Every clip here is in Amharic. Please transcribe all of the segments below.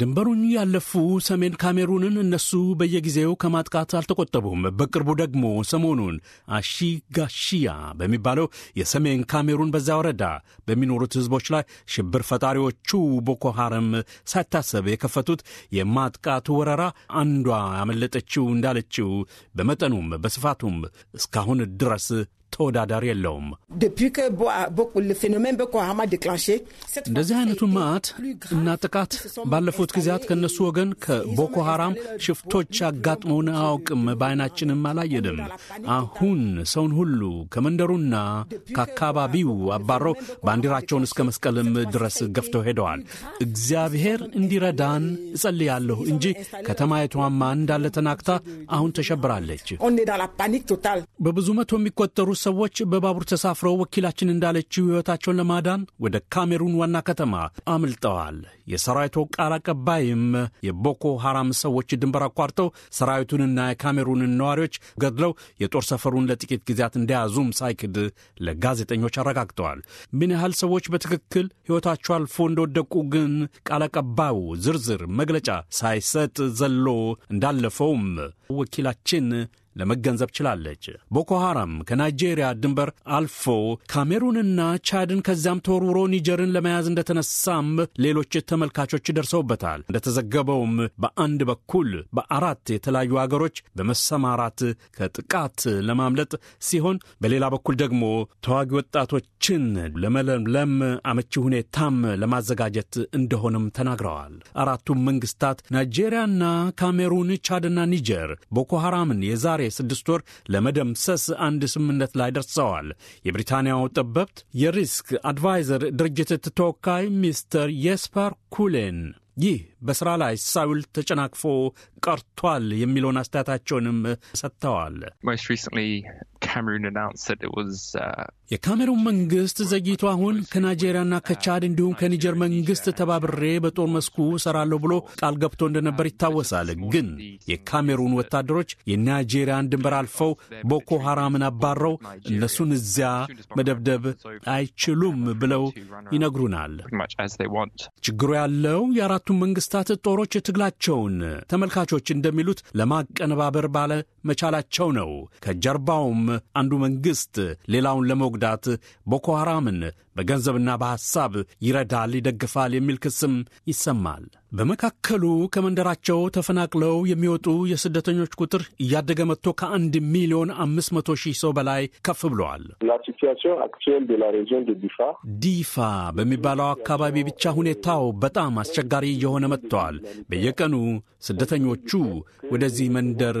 ድንበሩን ያለፉ ሰሜን ካሜሩንን እነሱ በየጊዜው ከማጥቃት አልተቆጠቡም። በቅርቡ ደግሞ ሰሞኑን አሺጋሺያ በሚባለው የሰሜን ካሜሩን በዛ ወረዳ በሚኖሩት ሕዝቦች ላይ ሽብር ፈጣሪዎቹ ቦኮ ሐረም ሳይታሰብ የከፈቱት የማጥቃቱ ወረራ አንዷ ያመለጠችው እንዳለችው በመጠኑም በስፋቱም እስካሁን ድረስ ተወዳዳሪ የለውም። እንደዚህ አይነቱን መዓት እና ጥቃት ባለፉት ጊዜያት ከእነሱ ወገን ከቦኮ ሐራም ሽፍቶች አጋጥመውን አያውቅም፣ በዓይናችንም አላየንም። አሁን ሰውን ሁሉ ከመንደሩና ከአካባቢው አባረው ባንዲራቸውን እስከ መስቀልም ድረስ ገፍተው ሄደዋል። እግዚአብሔር እንዲረዳን እጸልያለሁ እንጂ ከተማይቷማ እንዳለ ተናግታ አሁን ተሸብራለች። በብዙ መቶ የሚቆጠሩ ሰዎች በባቡር ተሳፍረው ወኪላችን እንዳለችው ሕይወታቸውን ለማዳን ወደ ካሜሩን ዋና ከተማ አምልጠዋል። የሰራዊቱ ቃል አቀባይም የቦኮ ሐራም ሰዎች ድንበር አቋርጠው ሰራዊቱንና የካሜሩንን ነዋሪዎች ገድለው የጦር ሰፈሩን ለጥቂት ጊዜያት እንደያዙም ሳይክድ ለጋዜጠኞች አረጋግጠዋል። ምን ያህል ሰዎች በትክክል ሕይወታቸው አልፎ እንደወደቁ ግን ቃል አቀባዩ ዝርዝር መግለጫ ሳይሰጥ ዘሎ እንዳለፈውም ወኪላችን ለመገንዘብ ችላለች። ቦኮ ሐራም ከናይጄሪያ ድንበር አልፎ ካሜሩንና ቻድን ከዚያም ተወርውሮ ኒጀርን ለመያዝ እንደተነሳም ሌሎች ተመልካቾች ደርሰውበታል። እንደተዘገበውም በአንድ በኩል በአራት የተለያዩ አገሮች በመሰማራት ከጥቃት ለማምለጥ ሲሆን፣ በሌላ በኩል ደግሞ ተዋጊ ወጣቶችን ለመለምለም አመቺ ሁኔታም ለማዘጋጀት እንደሆነም ተናግረዋል። አራቱም መንግስታት ናይጄሪያና ካሜሩን፣ ቻድና ኒጀር ቦኮ ሐራምን የዛሬ ስድስት ወር ለመደምሰስ አንድ ስምምነት ላይ ደርሰዋል። የብሪታንያው ጠበብት የሪስክ አድቫይዘር ድርጅት ተወካይ ሚስተር የስፐር ኩሌን ይህ በስራ ላይ ሳይውል ተጨናቅፎ ቀርቷል የሚለውን አስተያየታቸውንም ሰጥተዋል። uh, የካሜሩን መንግስት ዘግይቶ አሁን ከናይጄሪያና ከቻድ እንዲሁም ከኒጀር መንግስት ተባብሬ በጦር መስኩ ሰራለሁ ብሎ ቃል ገብቶ እንደነበር ይታወሳል። ግን የካሜሩን ወታደሮች የናይጄሪያን ድንበር አልፈው ቦኮ ሐራምን አባረው እነሱን እዚያ መደብደብ አይችሉም ብለው ይነግሩናል። ችግሩ ያለው የአራቱን መንግስት የመንግስታት ጦሮች ትግላቸውን ተመልካቾች እንደሚሉት ለማቀነባበር ባለ መቻላቸው ነው። ከጀርባውም አንዱ መንግስት ሌላውን ለመጉዳት ቦኮ ሐራምን በገንዘብና በሐሳብ ይረዳል፣ ይደግፋል የሚል ክስም ይሰማል። በመካከሉ ከመንደራቸው ተፈናቅለው የሚወጡ የስደተኞች ቁጥር እያደገ መጥቶ ከአንድ ሚሊዮን አምስት መቶ ሺህ ሰው በላይ ከፍ ብለዋል። ዲፋ በሚባለው አካባቢ ብቻ ሁኔታው በጣም አስቸጋሪ እየሆነ መጥተዋል። በየቀኑ ስደተኞቹ ወደዚህ መንደር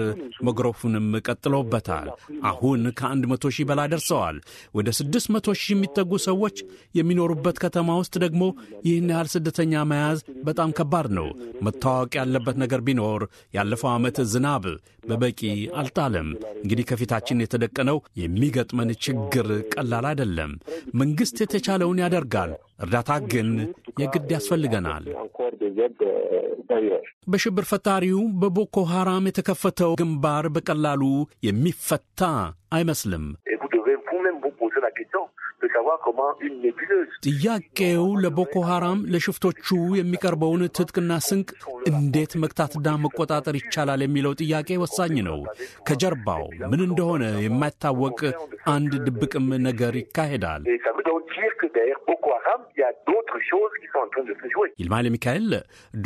መግረፉንም ቀጥለውበታል። አሁን ከአንድ መቶ ሺህ በላይ ደርሰዋል። ወደ ስድስት መቶ ሺህ የሚጠጉ ሰዎች የሚኖሩበት ከተማ ውስጥ ደግሞ ይህን ያህል ስደተኛ መያዝ በጣም ከባድ ከባድ ነው። መታወቅ ያለበት ነገር ቢኖር ያለፈው ዓመት ዝናብ በበቂ አልጣለም። እንግዲህ ከፊታችን የተደቀነው የሚገጥመን ችግር ቀላል አይደለም። መንግሥት የተቻለውን ያደርጋል። እርዳታ ግን የግድ ያስፈልገናል። በሽብር ፈጣሪው በቦኮ ሐራም የተከፈተው ግንባር በቀላሉ የሚፈታ አይመስልም። ጥያቄው ለቦኮ ሐራም ለሽፍቶቹ የሚቀርበውን ትጥቅና ስንቅ እንዴት መግታትና መቆጣጠር ይቻላል የሚለው ጥያቄ ወሳኝ ነው። ከጀርባው ምን እንደሆነ የማይታወቅ አንድ ድብቅም ነገር ይካሄዳል። ይልማል ሚካኤል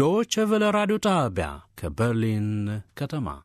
ዶቸቨለ ራዲዮ ጣቢያ ከበርሊን ከተማ